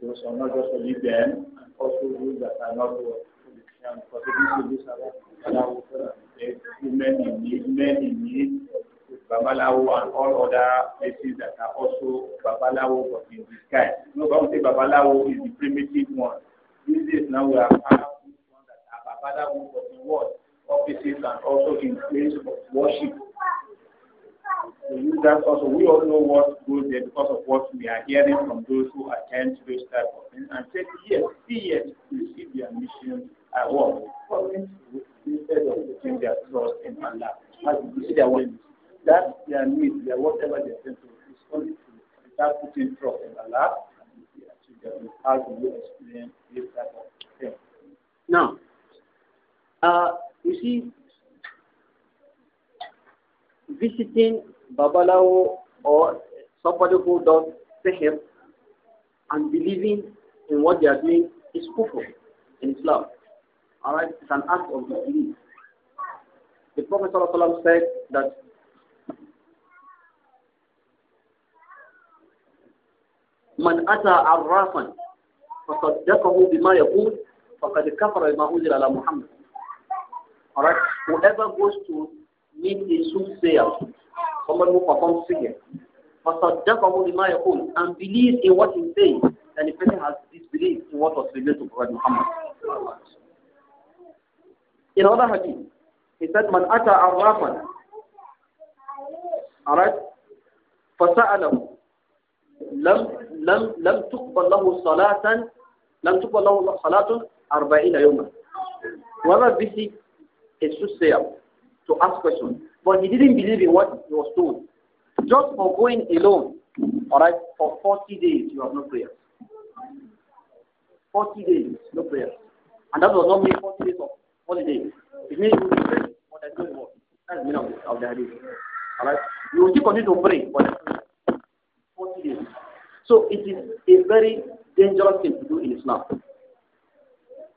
those who are not just uh, only them, and also those that are not working, and for the uh, disabled, women in need, men in need, Babalawo and all other places that are also Babalawo but in disguise. No, don't say Babalawo is the primitive one. These days now we have powerful ones that are Babalawo but in what? Offices and also in place of worship. use that also. We all know what goes there because of what we are hearing from those who attend to those type of things and say, yes, see yes, receive their mission at work. Instead of putting their trust in Allah. You see their willingness. That's their needs. their whatever they are going to is only to without putting trust in Allah and you see their children. How do you explain this type of thing? Now, uh, you see, visiting Babalao or somebody who does sihr and believing in what they are doing is kufr in Islam. Alright, it's an act of disbelief. The Prophet ﷺ said that من أتى عرافا فصدقه بما يقول فقد كفر بما أنزل على محمد. Alright, whoever goes to meet a soothsayer someone who performs singing, prayer, فَصَدَّقَهُ لِمَا يَقُولُ and believes in what he says, then the person has disbelieved in what was revealed to Prophet Muhammad. In other hadith, he said, "Man ata arrafan, alright, فسأله لم لم لم تقبل له صلاة لم تقبل له صلاة أربعين يوما. Whoever visit a soothsayer to ask questions, but he didn't believe in what he was told. Just for going alone, all right, for 40 days, you have no prayer. 40 days, no prayer. And that was not mean 40 days of holiday. It means you will pray, but there's no work. That's the meaning of the hadith. All right? You will still continue to pray, but there's 40 days. So it is a very dangerous thing to do in Islam.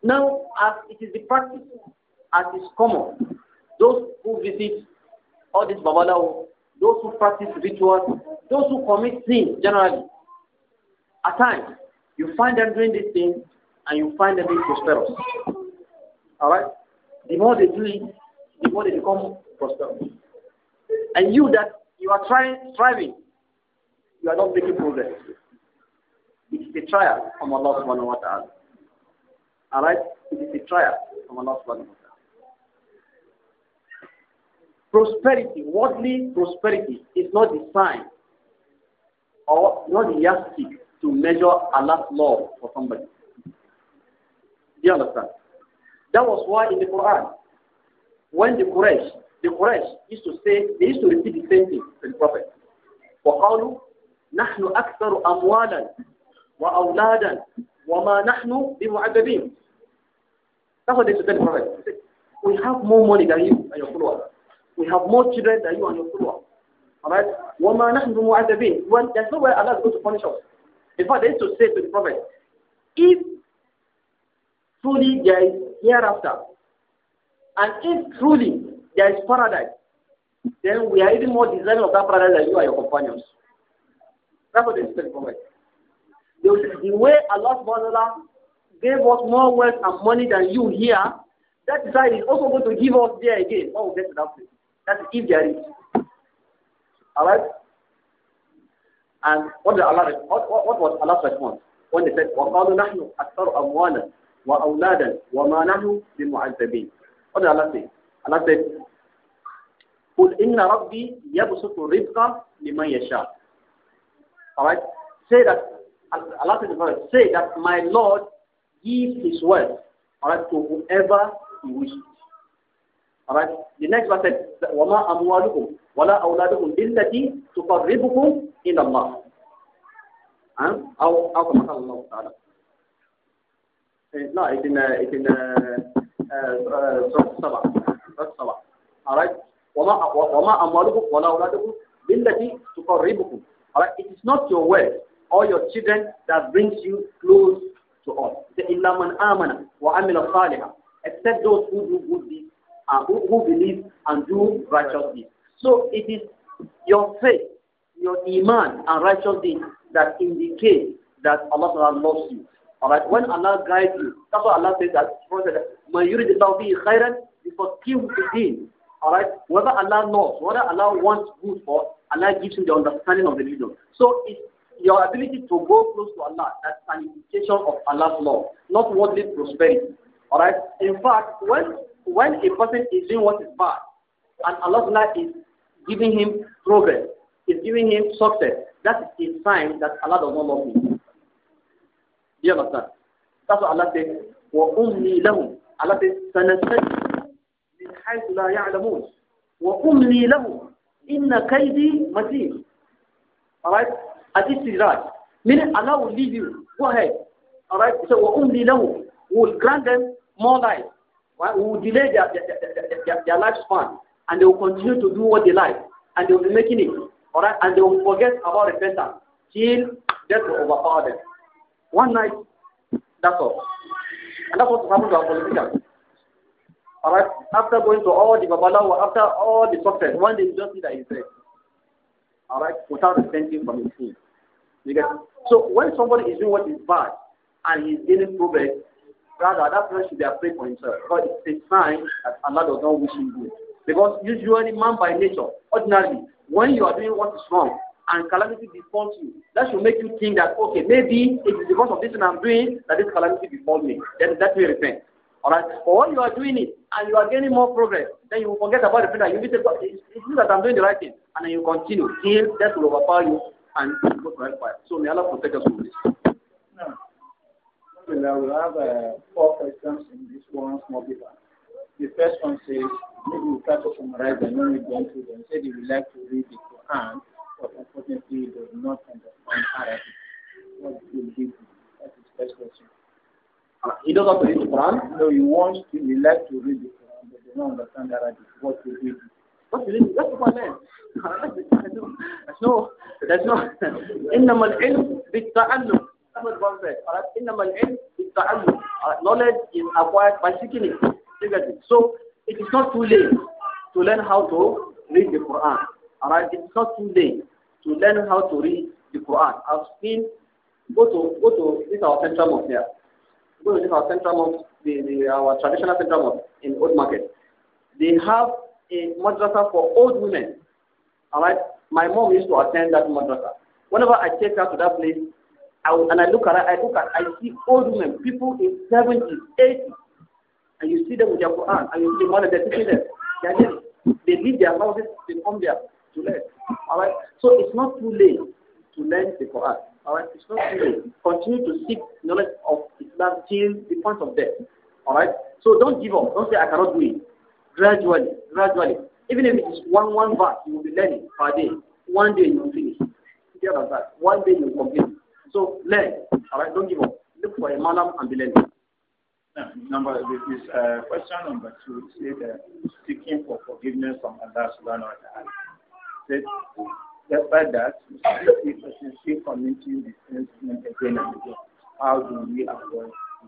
Now, as it is the practice, as is common, those who visit all these babalawo, those who practice rituals, those who commit sin generally, at times you find them doing these things and you find them being prosperous. All right? The more they do it, the more they become prosperous. And you that you are trying, striving, you are not making progress. It is a trial from Allah subhanahu wa ta'ala. Alright? It is a trial from Allah subhanahu wa ta'ala prosperity, worldly prosperity, is not the sign or not the yardstick to measure Allah's love for somebody. Do you understand? That was why in the Quran, when the Quraysh, the Quraysh used to say, they used to repeat the same thing to the Prophet. وَقَالُوا نَحْنُ أَكْثَرُ أَمْوَالًا وَأَوْلَادًا وَمَا نَحْنُ بِمُعَذَّبِينَ That's what they used to the Prophet. Said, we have more money than you and your followers. We have more children than you and your follower. Alright? وَمَا نَحْنُ Well, there's no way Allah is going to punish us. In fact, they used to say to the Prophet, if truly there is hereafter, and if truly there is paradise, then we are even more deserving of that paradise than you and your companions. That's what they said from it. The way Allah gave us more wealth and money than you here, that is why He's also going to give us there again. Oh, we'll get to that place. That's if there is. Alright? And what did Allah what, what, what was Allah's response? When they said, وَقَالُوا نَحْنُ أَكْثَرُ أَمْوَالًا وَأَوْلَادًا وَمَا نَحْنُ بِمُعَذَّبِينَ What did Allah say? Allah said, قُلْ إِنَّ رَبِّي يَبْسُطُ الرِّزْقَ لِمَنْ يَشَاءُ Alright? Say that, Allah said, say that my Lord gives his wealth, alright, to whoever he wishes. Alright? The next verse says, وَمَا أَمْوَالُكُمْ وَلَا أَوْلَادُكُمْ بِالَّتِي تُقَرِّبُكُمْ إِلَى اللَّهِ أو أو أو Allah قال الله eh, it's in uh, it's in uh, uh, uh, سبعة. Alright? وما وما أموالكم ولا أولادكم بالتي تقربكم. Alright? It is not your wealth or your children that brings you close to us. إلا من آمن وعمل صالحا. Except those who do good deeds uh, who, who believe and do righteous deeds. So it is your faith, your iman and righteous deeds that indicate that Allah loves you. Alright, when Allah guides you, that's why Allah says that Prophet, May you read the khairan because he the deen. Alright, whether Allah knows, whether Allah wants good for, Allah gives you the understanding of the religion. So it's your ability to go close to Allah, that's an indication of Allah's love, not worldly prosperity. Alright, in fact, when when a person is doing what is bad, and Allah is giving him progress, is giving him success, that is a sign that Allah does not love him. Do you understand? That's what Allah says. وَأُمْلِي لَهُمْ Allah says, سَنَسْتَجِدُ مِنْ حَيْثُ لَا يَعْلَمُونَ وَأُمْلِي لَهُمْ إِنَّ كَيْدِي مَتِينٌ Alright? al right. Meaning Allah will leave you. Go ahead. Alright? So, وَأُمْلِي لَهُمْ will grant them more life. Right? We will delay their, their, their, their, lifespan and they will continue to do what they like and they will be making it. All right? And they will forget about repentance till death will overpower them. One night, that's all. And that's what happened to our politicians. All right? After going to all the babalawo, after all the success, one day you just see that he's dead. All right? Without repenting from his sin. You get? So when somebody is doing what is bad and he's gaining progress, Rather, that person should be afraid for himself. But it's a sign that Allah does not wish him good. Because usually, man by nature, ordinarily, when you are doing what is wrong and calamity befalls you, that should make you think that, okay, maybe it is because of this thing I'm doing that this calamity befalls me. Then that will repent. Alright? But when you are doing it and you are gaining more progress, then you will forget about the fact that you need to it's, it's that I'm doing the right thing. And then you continue till death will overpower you and you go to hellfire. So may Allah protect us from this. Alhamdulillah, we have uh, four questions in this one small paper. The first one says, maybe we'll try to summarize and when we go through them, Say he would like to read the Quran, but unfortunately he do not understand Arabic. What will he do? That's the first question. Uh, he doesn't want to read the Quran? No, he wants to, he likes to read the Quran, but does not understand Arabic. What will he do? What do you mean? That's the point There's no, there's no, إنما العلم بالتعلم what God said. All right? Innamal ilm Knowledge is acquired by seeking it. So it is not too late to learn how to read the Quran. All right? It's not too late to learn how to read the Quran. I've seen go to go to this our central mosque here. Go to this our central mosque, the, the our traditional central mosque in Old Market. They have a madrasa for old women. All right. My mom used to attend that madrasa. Whenever I take her to that place, I will, and I look at I look at I see old women, people in seventies, eighties, and you see them with their Quran, and you see one of them. They are they leave their houses, they come there to learn. All right. So it's not too late to learn the Quran. All right. It's not too late. Continue to seek knowledge of Islam till the point of death. All right. So don't give up. Don't say I cannot do it. Gradually, gradually. Even if it's one one verse, you will be learning per day. One day you will finish. You that. One day you will complete. So learn. All right, don't give up. Look for a malam and be learning. Now, number this is uh, question number two. Say says uh, seeking for forgiveness from Allah Subhanahu wa Taala. Says despite that, if person still committing the sins again and again, how do we avoid this?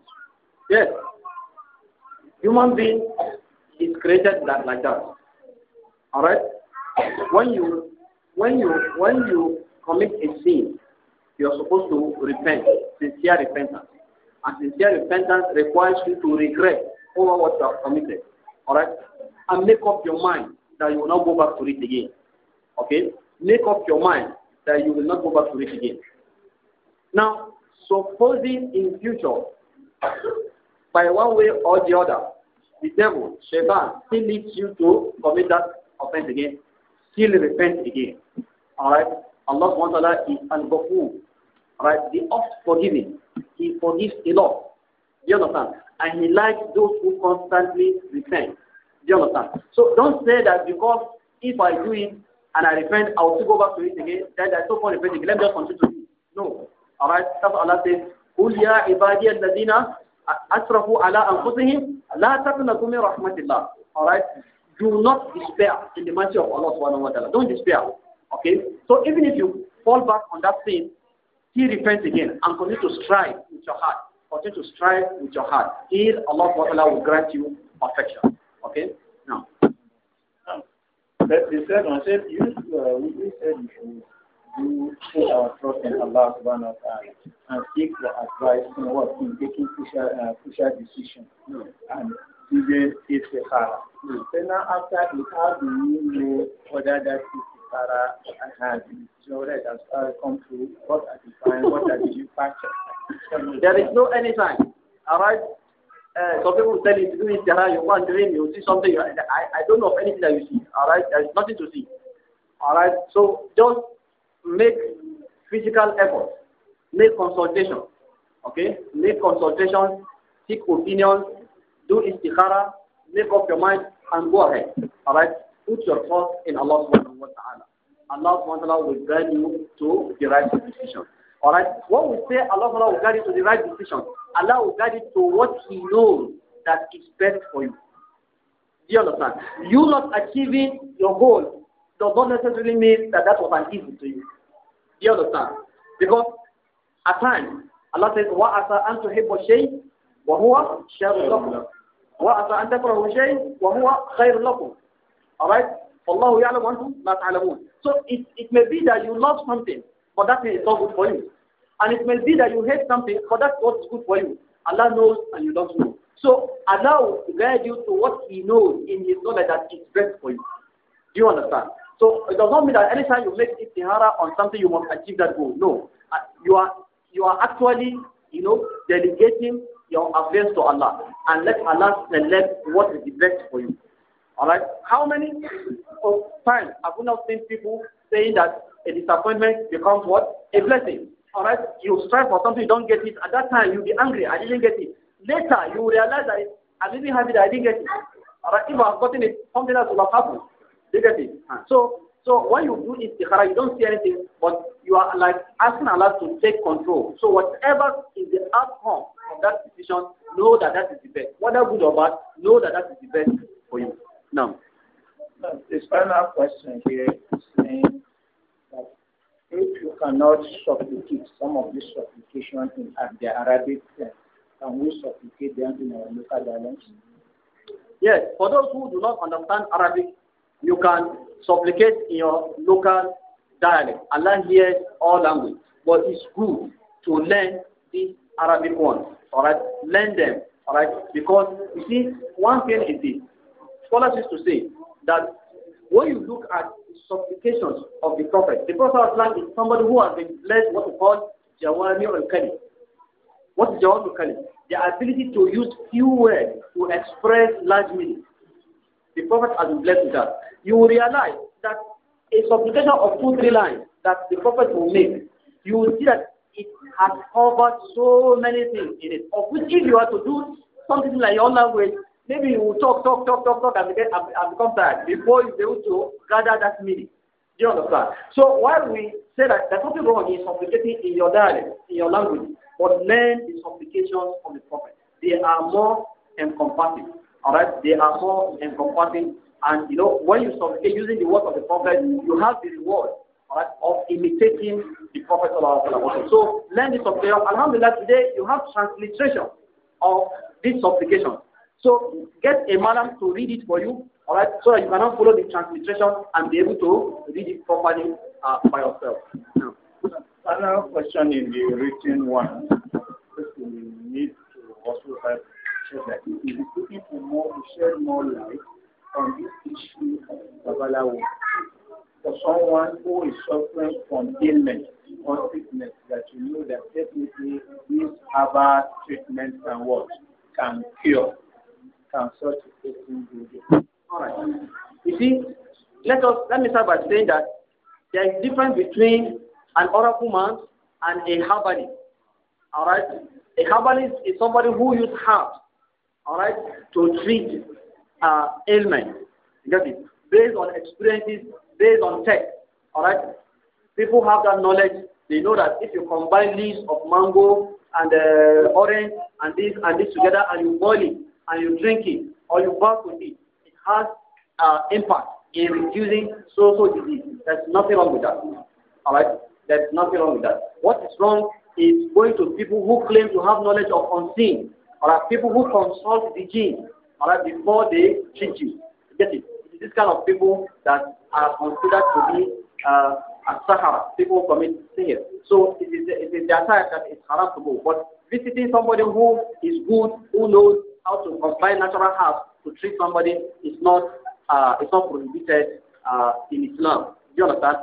Yes, human being is created that like that. All right. When you when you when you commit a sin, you're supposed to repent, sincere repentance. And sincere repentance requires you to regret over what you have committed. Alright? And make up your mind that you will not go back to it again. Okay? Make up your mind that you will not go back to it again. Now, supposing in future, by one way or the other, the devil, Shaitan, still leads you to commit that offense again, still repent again. Alright? Allah subhanahu is al right? The oft forgiving. He forgives a lot. Do you understand? And he likes those who constantly repent. Do you understand? So don't say that because if I do it and I repent, I will still go back to it again. Then I no point repenting. Let me just continue to it. No. All right? That's what Allah says. قل يا عبادي الذين أسرفوا على أنفسهم لا تقنطوا من رحمة الله. All right? Do not despair in the mercy of Allah subhanahu wa ta'ala. Don't despair. Okay? So even if you fall back on that sin, he repents again and continue to strive with your heart. Continue to strive with your heart. Here, Allah Ta'ala will grant you perfection. Okay? Now. But the third one said, you, uh, we said you should put our trust in Allah subhanahu wa ta'ala and seek the advice in what? In taking crucial, uh, crucial decisions mm. and even if they have. then after it, how do you know whether that is Tara had as far come through what There is no any sign. All right. Uh, some people tell you to do it, you want dream, you see something. You, I, I don't know of anything that you see. All right. There is nothing to see. All right. So just make physical effort. Make consultation. Okay. Make consultation. Seek opinions. Do istikhara. Make up your mind and go ahead. All right put your trust in Allah subhanahu wa ta'ala. Allah subhanahu wa ta'ala will guide you to the right decision. Alright? When we say Allah subhanahu will guide you to the right decision, Allah will guide you to what He knows that is best for you. Do you understand? You not achieving your goal does not necessarily mean that that was an easy to you. Do you understand? Because at times, Allah says, Wa أَن تُحِبُّ شَيْءٍ وَهُوَ شَرٌ لَكُمْ وَعَسَىٰ أَن تَكْرَهُ شَيْءٍ وَهُوَ خَيْرٌ لَكُمْ Alright? Allah ya'lam anhum la ta'lamun. So it, it may be that you love something, but that thing is not good for you. And it may be that you hate something, but that's what's good for you. Allah knows and you don't know. So Allah will guide you to what He knows in His knowledge that is best for you. Do you understand? So it does not mean that anytime you make istihara on something you must achieve that goal. No. Uh, you are you are actually, you know, delegating your affairs to Allah and let Allah select what is the best for you. All right. How many times have we not seen people saying that a disappointment becomes what? A blessing. All right. You strive for something, you don't get it. At that time, you'll be angry. I didn't get it. Later, you realize that i didn't have it, I didn't get it. All right. If I have gotten it, something else will have happened. You get it? So, so when you do istikhara, you don't see anything, but you are like asking Allah to take control. So whatever is the outcome of that decision, know that that is the best. Whether good or bad, know that that is the best for you final question here is saying that if you cannot supplicate some of these supplications in the Arabic, can we supplicate them in our local dialect? Yes, for those who do not understand Arabic, you can supplicate in your local dialect. Allah hears all language, but it's good to learn the Arabic ones. All right, learn them. All right, because you see, one thing is this. Scholars used to say that when you look at the supplications of the Prophet, the Prophet is somebody who has been blessed what we call Jawami al Kalim. What is Jawami al The ability to use few words to express large meaning. The Prophet has been blessed with that. You will realize that a supplication of two, three lines that the Prophet will make, you will see that it has covered so many things in it, of which if you are to do something like your language, Maybe you will talk, talk, talk, talk, talk, and get and, and become tired before you able to gather that meaning. Do you understand? So while we say that there's something wrong in supplicating in your dialect, in your language, but learn the complications of the prophet. They are more encompassing. All right, they are more encompassing, and you know when you supplicate using the word of the prophet, you have the reward. right, of imitating the prophet. So learn the supplication. Alhamdulillah, today you have transliteration of this supplication. So get a madam to read it for you, all right, so that you can now follow the transliteration and be able to read it properly uh, by yourself. another question in the written one. We need to also have shed light. Is looking for more to shed more light on this issue of Babalawo for someone who is suffering from ailment or sickness that you know that definitely these herbal treatments can what can cure. All right. You see, let us let me start by saying that there is difference between an oracle man and a herbalist. All right. A herbalist is somebody who uses herbs, all right, to treat uh, ailments. You get it? Based on experiences, based on tech. All right. People have that knowledge. They know that if you combine leaves of mango and uh, orange and this and this together and you boil it, and you drink it or you bath with it, it has uh, impact in reducing social disease. There's nothing wrong with that. All right? There's nothing wrong with that. What is wrong is going to people who claim to have knowledge of unseen, or people who consult the gene, all right, before they treat you. Get it? It's this kind of people that are considered to be uh, as sahara, people who commit sin. So it is, it is their time that is it's to go. But visiting somebody who is good, who knows how to combine natural herbs to treat somebody is not uh, is not prohibited uh, in Islam. Do you understand?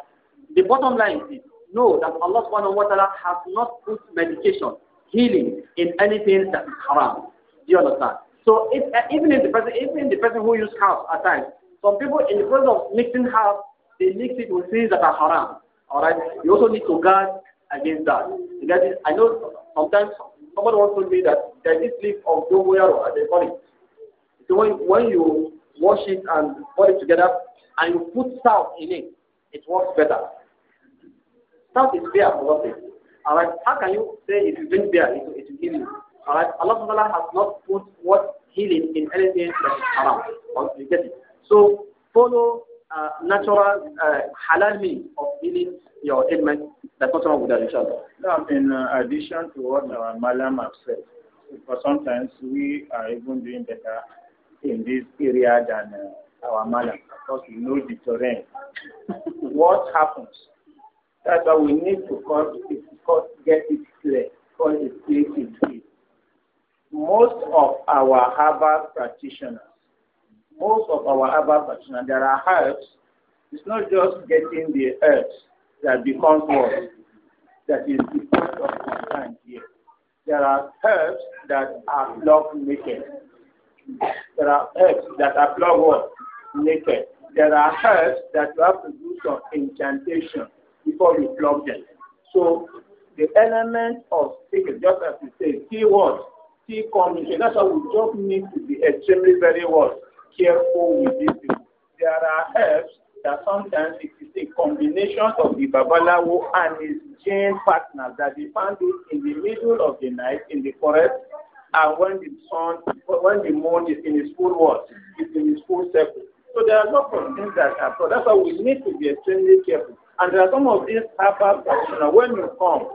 The bottom line is know that Allah subhanahu wa ta'ala has not put medication, healing in anything that is haram. Do you understand? So if, uh, even in the person even in the person who use herbs at times, some people in the process of mixing herbs, they mix it with things that are haram. Alright? You also need to guard against that. Because I know sometimes someone wants to me that there's this leaf of dogwayaro, as they call it. So when, when you wash it and put it together and you put salt in it, it works better. Salt is beer for nothing. Alright, how can you say if you drink beer, it, it will heal you? Alright, Allah Ta'ala has not put what healing in anything that is haram. You get it? So follow uh, natural uh, halal means of healing your ailment. That's not wrong with that, inshallah. Now, in uh, addition to what our uh, Malam have said, because sometimes we are even doing better in this area than uh, our malam because we know the terrain. what happens? That's why we need to call it, call, get it clear, call it clear in Most of our herbal practitioners, most of our herbal practitioners, there are herbs. It's not just getting the herbs that becomes what that is the point of concern here there are herbs that are plucked naked. There are herbs that are plucked what? Naked. There are herbs that you have to do some incantation before you pluck them. So the element of secret, just as we say, keyword, key communication. That's why we just need to be extremely very well careful with this. There are herbs that sometimes it is a combination of the babalawo and his jail partner that they found it in the middle of the night in the forest and when the sun when the moon is in its full what is in its full circle. So there are lots of things that happen. That's why we need to be extremely careful. And there are some of these herbal practitioners. When you come,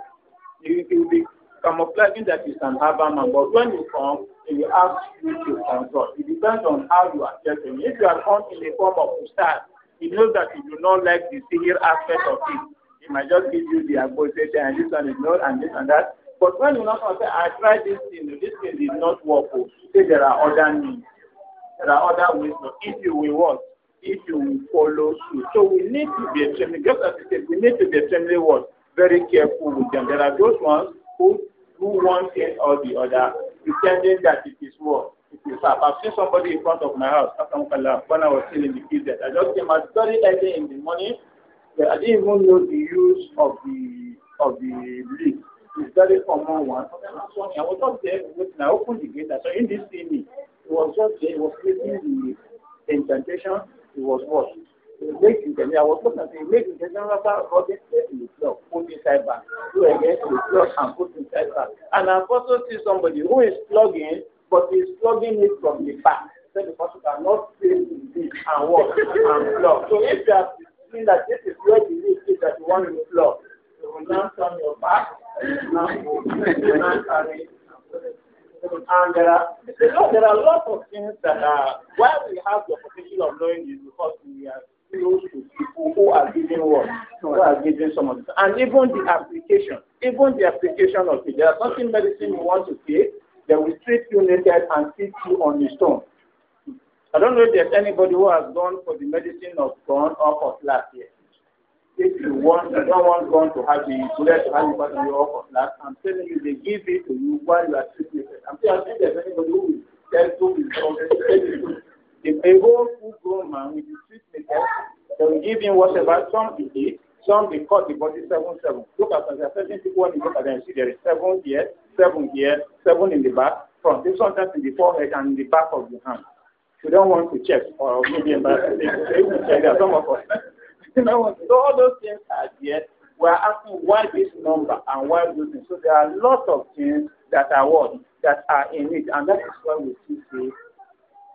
you will be camouflaging that it's an herbal man. But when you come, you will ask you to control. It depends on how you are getting. If you are come in the form of a ustad, He knows that you do not like the sihir aspect of it. He might just give you the accusation and this one is not and this and that. But when you not say, I tried this thing, this thing did not work, oh, say there are other means. There are other ways. So if you will what? If you will follow through. So we need to be extremely, just as I said, we need to be extremely what? Very careful with them. There are those ones who do one thing or the other, pretending that it is what? If I see somebody in front of my house, when I was still in the kids, I just came out very early in the morning. I didn't even know the use of the of the leaf. It's very common one. I was just there I opened the gate. I saw him didn't see me. He was just there. He was making the incantation. He was what? make intention i was talking to you make intention after rubbing the floor put inside back go against the floor and put inside back and i also see somebody who is plugging but he's plugging it from the back. because the person cannot see the leaf and walk and plug. So if you have seen that this is where the leaf is that you want to plug, you will now turn your back, you will not you now carry. And there are, you know, there are lots of things that are, why we have the potential of knowing is because we are close to people who are giving what, who are giving some of this. And even the application, even the application of it, there's nothing medicine you want to take, they will strip you naked and sit you on the stone. I don't know if there's anybody who has gone for the medicine of God or for last year. If you want, you don't want God to have the bullet to have you back in last, I'm telling you, they give it to you while you are sleeping. I'm telling you, there's anybody who will tell you If a whole full grown man with the treatment, they will give him whatever, some he did, Some they cut the body seven seven. Look at the certain people when you look at them, you see there is seven here, seven here, seven in the back, front. This one sometimes in the forehead and in the back of the hand. You don't want to check or maybe embarrassing. some of us. you know, so all those things are here. We are asking why this number and why those things. So there are lots of things that are what that are in it, and that is why we see say,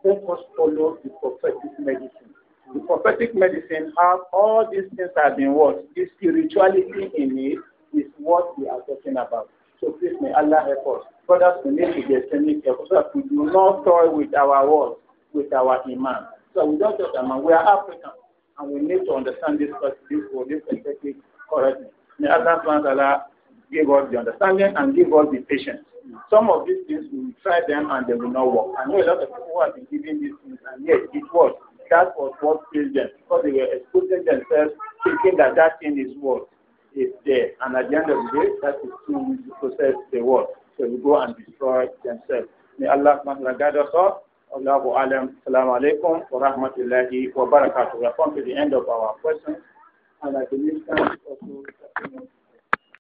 let us follow the prophetic medicine. The prophetic medicine have all these things have been what? The spirituality in it is what we are talking about. So please may Allah help us. Brothers, we need to get technique help so that we do not toy with our words, with our iman. So we don't just iman. Um, we are Africans and we need to understand this this for this exactly correctly. May Allah grant Allah give us the understanding and give us the patience. Some of these things we will try them and they will not work. I know a lot of people who have been giving these things and yet it works. that was what killed them because they were exposing themselves thinking that that thing is what is there. And at the end of the day, that is through which the process they work. So they go and destroy themselves. May Allah guide us all. Allahu alam. Salaam alaikum wa rahmatullahi wa barakatuh. We are come to the end of our questions. And I believe that. also,